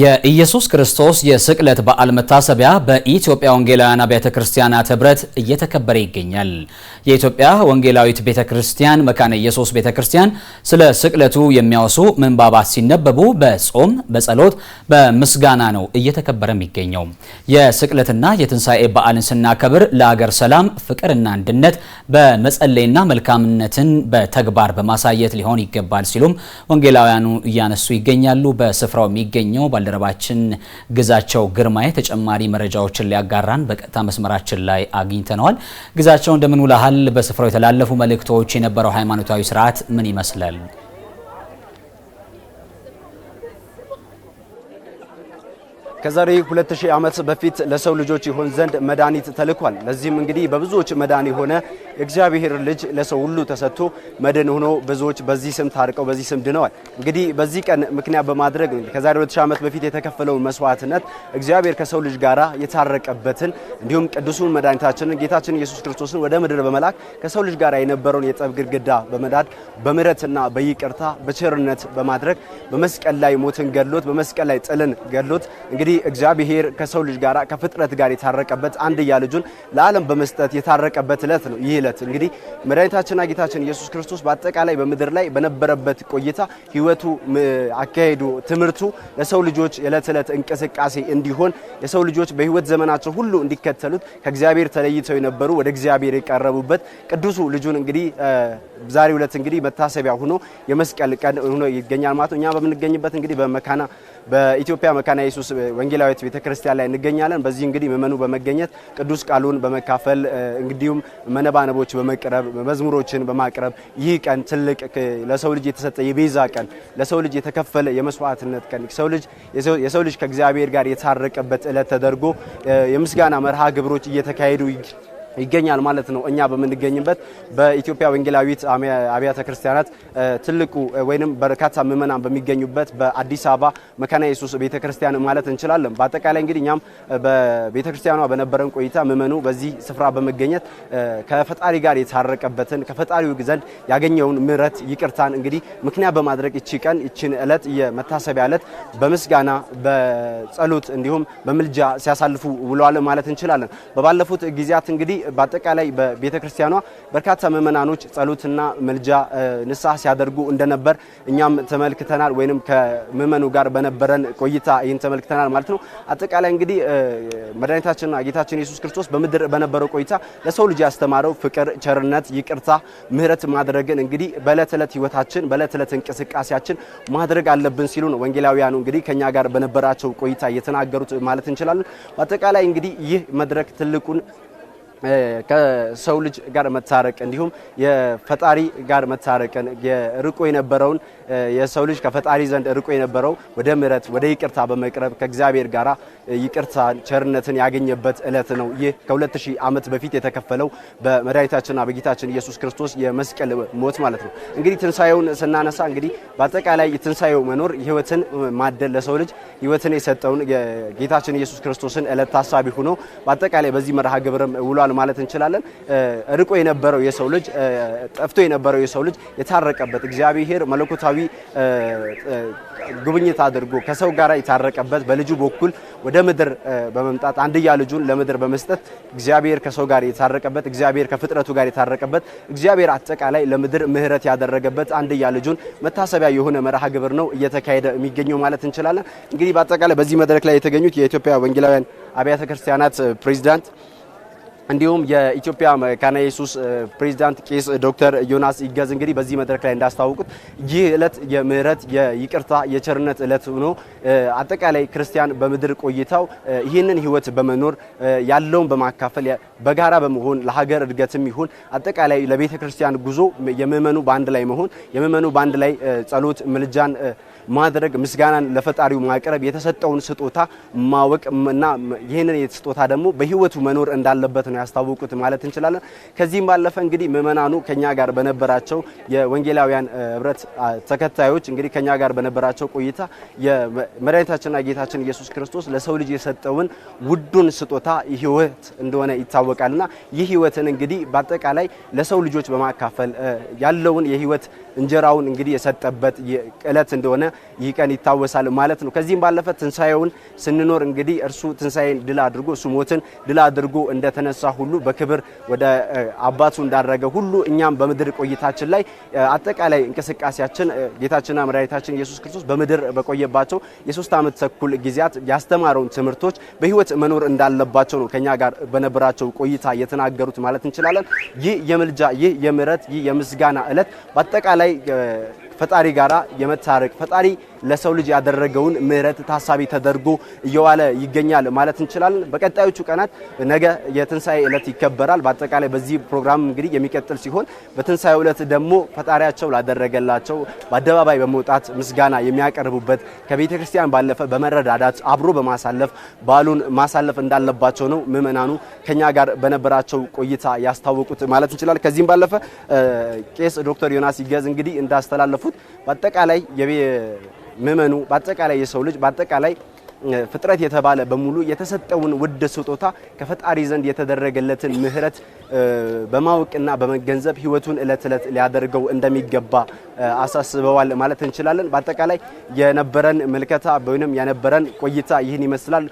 የኢየሱስ ክርስቶስ የስቅለት በዓል መታሰቢያ በኢትዮጵያ ወንጌላውያን አብያተ ክርስቲያናት ህብረት እየተከበረ ይገኛል። የኢትዮጵያ ወንጌላዊት ቤተ ክርስቲያን መካነ ኢየሱስ ቤተ ክርስቲያን ስለ ስቅለቱ የሚያወሱ ምንባባት ሲነበቡ በጾም በጸሎት፣ በምስጋና ነው እየተከበረ የሚገኘው። የስቅለትና የትንሣኤ በዓልን ስናከብር ለአገር ሰላም፣ ፍቅርና አንድነት በመጸለይና መልካምነትን በተግባር በማሳየት ሊሆን ይገባል ሲሉም ወንጌላውያኑ እያነሱ ይገኛሉ። በስፍራው የሚገኘው ባልደረባችን ግዛቸው ግርማዬ ተጨማሪ መረጃዎችን ሊያጋራን በቀጥታ መስመራችን ላይ አግኝተነዋል። ግዛቸው እንደምን ውለሃል? በስፍራው የተላለፉ መልእክቶች የነበረው ሃይማኖታዊ ስርዓት ምን ይመስላል? ከዛሬ 2000 ዓመት በፊት ለሰው ልጆች ይሆን ዘንድ መድኃኒት ተልኳል። ለዚህም እንግዲህ በብዙዎች መዳን የሆነ እግዚአብሔር ልጅ ለሰው ሁሉ ተሰጥቶ መድን ሆኖ ብዙዎች በዚህ ስም ታርቀው በዚህ ስም ድነዋል። እንግዲህ በዚህ ቀን ምክንያት በማድረግ ከዛሬ 2000 ዓመት በፊት የተከፈለውን መስዋዕትነት እግዚአብሔር ከሰው ልጅ ጋራ የታረቀበትን እንዲሁም ቅዱሱን መድኃኒታችንን ጌታችን ኢየሱስ ክርስቶስን ወደ ምድር በመላክ ከሰው ልጅ ጋራ የነበረውን የጠብ ግድግዳ በመዳድ በምሕረትና በይቅርታ በቸርነት በማድረግ በመስቀል ላይ ሞትን ገድሎት በመስቀል ላይ ጥልን ገድሎት እንግዲህ እንግዲህ እግዚአብሔር ከሰው ልጅ ጋር ከፍጥረት ጋር የታረቀበት አንድያ ልጁን ለዓለም በመስጠት የታረቀበት ዕለት ነው። ይህ ዕለት እንግዲህ መድኃኒታችንና ጌታችን ኢየሱስ ክርስቶስ በአጠቃላይ በምድር ላይ በነበረበት ቆይታ ሕይወቱ፣ አካሄዱ፣ ትምህርቱ ለሰው ልጆች የዕለት ዕለት እንቅስቃሴ እንዲሆን የሰው ልጆች በሕይወት ዘመናቸው ሁሉ እንዲከተሉት ከእግዚአብሔር ተለይተው የነበሩ ወደ እግዚአብሔር የቀረቡበት ቅዱሱ ልጁን እንግዲህ ዛሬ ዕለት እንግዲህ መታሰቢያ ሆኖ የመስቀል ቀን ሆኖ ይገኛል ማለት ነው። እኛ በምንገኝበት እንግዲህ በመካና በኢትዮጵያ መካና ኢየሱስ ወንጌላዊት ቤተክርስቲያን ላይ እንገኛለን። በዚህ እንግዲህ መመኑ በመገኘት ቅዱስ ቃሉን በመካፈል እንዲሁም መነባነቦች በመቅረብ መዝሙሮችን በማቅረብ ይህ ቀን ትልቅ ለሰው ልጅ የተሰጠ የቤዛ ቀን፣ ለሰው ልጅ የተከፈለ የመስዋዕትነት ቀን፣ የሰው ልጅ ከእግዚአብሔር ጋር የታረቀበት ዕለት ተደርጎ የምስጋና መርሃ ግብሮች እየተካሄዱ ይገኛል ማለት ነው። እኛ በምንገኝበት በኢትዮጵያ ወንጌላዊት አብያተ ክርስቲያናት ትልቁ ወይም በርካታ ምዕመናን በሚገኙበት በአዲስ አበባ መካነ ኢየሱስ ቤተ ክርስቲያን ማለት እንችላለን። በአጠቃላይ እንግዲህ እኛም በቤተ ክርስቲያኗ በነበረን ቆይታ ምመኑ በዚህ ስፍራ በመገኘት ከፈጣሪ ጋር የታረቀበትን ከፈጣሪው ዘንድ ያገኘውን ምሕረት ይቅርታን እንግዲህ ምክንያት በማድረግ እቺ ቀን እቺን ዕለት የመታሰቢያ ዕለት በምስጋና በጸሎት እንዲሁም በምልጃ ሲያሳልፉ ውለዋል ማለት እንችላለን። በባለፉት ጊዜያት እንግዲህ በአጠቃላይ በቤተ ክርስቲያኗ በርካታ ምእመናኖች ጸሎትና መልጃ ንስሐ ሲያደርጉ እንደነበር እኛም ተመልክተናል፣ ወይም ከምእመኑ ጋር በነበረን ቆይታ ይህን ተመልክተናል ማለት ነው። አጠቃላይ እንግዲህ መድኃኒታችንና ጌታችን ኢየሱስ ክርስቶስ በምድር በነበረው ቆይታ ለሰው ልጅ ያስተማረው ፍቅር፣ ቸርነት፣ ይቅርታ፣ ምሕረት ማድረግን እንግዲህ በዕለት ዕለት ህይወታችን በዕለት ዕለት እንቅስቃሴያችን ማድረግ አለብን ሲሉ ነው ወንጌላውያኑ እንግዲህ ከኛ ጋር በነበራቸው ቆይታ የተናገሩት ማለት እንችላለን። በአጠቃላይ እንግዲህ ይህ መድረክ ትልቁን ከሰው ልጅ ጋር መታረቅ እንዲሁም የፈጣሪ ጋር መታረቅን ርቆ የነበረውን የሰው ልጅ ከፈጣሪ ዘንድ ርቆ የነበረው ወደ ምረት ወደ ይቅርታ በመቅረብ ከእግዚአብሔር ጋር ይቅርታ ቸርነትን ያገኘበት እለት ነው። ይህ ከ2000 ዓመት በፊት የተከፈለው በመድኃኒታችንና በጌታችን ኢየሱስ ክርስቶስ የመስቀል ሞት ማለት ነው። እንግዲህ ትንሣኤውን ስናነሳ እንግዲህ በአጠቃላይ የትንሳኤው መኖር ህይወትን ማደል ለሰው ልጅ ህይወትን የሰጠውን ጌታችን ኢየሱስ ክርስቶስን እለት ታሳቢ ሆኖ በአጠቃላይ በዚህ መርሃ ግብርም ውሏል ተገኝቷል ማለት እንችላለን። ርቆ የነበረው የሰው ልጅ ጠፍቶ የነበረው የሰው ልጅ የታረቀበት እግዚአብሔር መለኮታዊ ጉብኝት አድርጎ ከሰው ጋር የታረቀበት በልጁ በኩል ወደ ምድር በመምጣት አንድያ ልጁን ለምድር በመስጠት እግዚአብሔር ከሰው ጋር የታረቀበት እግዚአብሔር ከፍጥረቱ ጋር የታረቀበት እግዚአብሔር አጠቃላይ ለምድር ምሕረት ያደረገበት አንድያ ልጁን መታሰቢያ የሆነ መርሃ ግብር ነው እየተካሄደ የሚገኘው ማለት እንችላለን። እንግዲህ በአጠቃላይ በዚህ መድረክ ላይ የተገኙት የኢትዮጵያ ወንጌላውያን አብያተ ክርስቲያናት ፕሬዚዳንት እንዲሁም የኢትዮጵያ መካነ ኢየሱስ ፕሬዚዳንት ቄስ ዶክተር ዮናስ ይገዝ እንግዲህ በዚህ መድረክ ላይ እንዳስታወቁት ይህ ዕለት የምህረት፣ የይቅርታ፣ የቸርነት እለት ሆኖ አጠቃላይ ክርስቲያን በምድር ቆይታው ይህንን ህይወት በመኖር ያለውን በማካፈል በጋራ በመሆን ለሀገር እድገትም ይሁን አጠቃላይ ለቤተ ክርስቲያን ጉዞ የምእመኑ በአንድ ላይ መሆን የምእመኑ በአንድ ላይ ጸሎት፣ ምልጃን ማድረግ ምስጋናን ለፈጣሪው ማቅረብ የተሰጠውን ስጦታ ማወቅ እና ይህንን ስጦታ ደግሞ በህይወቱ መኖር እንዳለበት ነው ያስታወቁት ማለት እንችላለን። ከዚህም ባለፈ እንግዲህ ምእመናኑ ከኛ ጋር በነበራቸው የወንጌላውያን ህብረት ተከታዮች እንግዲህ ከኛ ጋር በነበራቸው ቆይታ የመድኃኒታችንና ጌታችን ኢየሱስ ክርስቶስ ለሰው ልጅ የሰጠውን ውዱን ስጦታ ህይወት እንደሆነ ይታወቃልና ይህ ህይወትን እንግዲህ በአጠቃላይ ለሰው ልጆች በማካፈል ያለውን የህይወት እንጀራውን እንግዲህ የሰጠበት ዕለት እንደሆነ ይህ ቀን ይታወሳል ማለት ነው። ከዚህም ባለፈ ትንሣኤውን ስንኖር እንግዲህ እርሱ ትንሣኤን ድል አድርጎ እሱ ሞትን ድል አድርጎ እንደተነሳ እንስሳ ሁሉ በክብር ወደ አባቱ እንዳረገ ሁሉ እኛም በምድር ቆይታችን ላይ አጠቃላይ እንቅስቃሴያችን ጌታችንና መድኃኒታችን ኢየሱስ ክርስቶስ በምድር በቆየባቸው የሶስት ዓመት ተኩል ጊዜያት ያስተማረውን ትምህርቶች በህይወት መኖር እንዳለባቸው ነው ከኛ ጋር በነበራቸው ቆይታ የተናገሩት ማለት እንችላለን። ይህ የምልጃ ይህ የምረት ይህ የምስጋና እለት በአጠቃላይ ፈጣሪ ጋራ የመታረቅ ፈጣሪ ለሰው ልጅ ያደረገውን ምሕረት ታሳቢ ተደርጎ እየዋለ ይገኛል ማለት እንችላለን። በቀጣዮቹ ቀናት ነገ የትንሳኤ ዕለት ይከበራል። በአጠቃላይ በዚህ ፕሮግራም እንግዲህ የሚቀጥል ሲሆን በትንሳኤ ዕለት ደግሞ ፈጣሪያቸው ላደረገላቸው በአደባባይ በመውጣት ምስጋና የሚያቀርቡበት ከቤተ ክርስቲያን ባለፈ በመረዳዳት አብሮ በማሳለፍ በዓሉን ማሳለፍ እንዳለባቸው ነው ምዕመናኑ ከኛ ጋር በነበራቸው ቆይታ ያስታወቁት ማለት እንችላለን። ከዚህም ባለፈ ቄስ ዶክተር ዮናስ ይገዝ እንግዲህ እንዳስተላለፉት ያሉት በአጠቃላይ ምእመኑ በአጠቃላይ የሰው ልጅ በአጠቃላይ ፍጥረት የተባለ በሙሉ የተሰጠውን ውድ ስጦታ ከፈጣሪ ዘንድ የተደረገለትን ምሕረት በማወቅና በመገንዘብ ሕይወቱን እለት እለት ሊያደርገው እንደሚገባ አሳስበዋል ማለት እንችላለን። በአጠቃላይ የነበረን ምልከታ ወይም የነበረን ቆይታ ይህን ይመስላል።